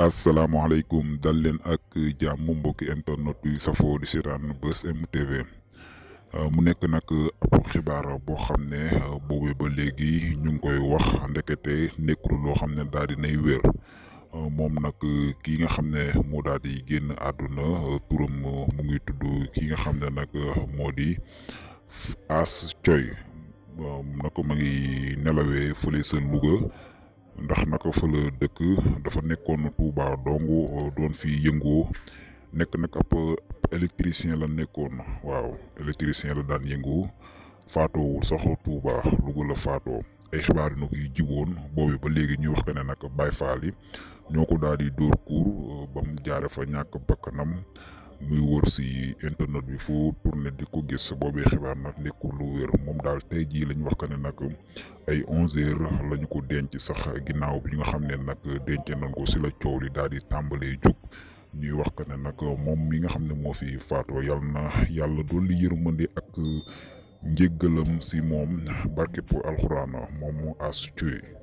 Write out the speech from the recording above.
asalaamaaleykum dal leen ak jàmm mbokki internet yu safoo di seetaan Buzz M euh, mu nekk nag ab xibaar boo xam ne euh, boobee ba léegi ñu ngi koy wax ndekete nekkul loo xam ne daal di nay wér euh, moom nag ki nga xam ne moo daal di génn àdduna turam mu ngi tudd ki nga xam ne nag moo di Ass Thioye nag ma ngi nelawee fële sa Louga. ndax naka fa la dëkk dafa nekkoon Touba dong doon fi yëngoo nekk nag ab électricien la nekkoon waaw électricien la daan yëngoo faatoowul sax Touba Louga la faatoo ay xibaar yu yi jiwoon boobu ba léegi ñuy wax ne nag Baye Fall yi ñoo ko daal di dóor kuur ba mu jaare fa ñàkk bakkanam muy wër si internet bi fu tourné di ko gis boobee xibaar nag nekkul lu wér moom daal tey jii lañ wax que ne nag ay onze heures la ñu ko denc sax ginnaaw bi nga xam ne nag denc nañ ko si la coow li daal di tàmbalee jug. ñuy wax que ne nag moom mi nga xam ne moo fi faatoo yàlla na yàlla dolli yërmande ak njéggalam si moom barke pour moom moo as tué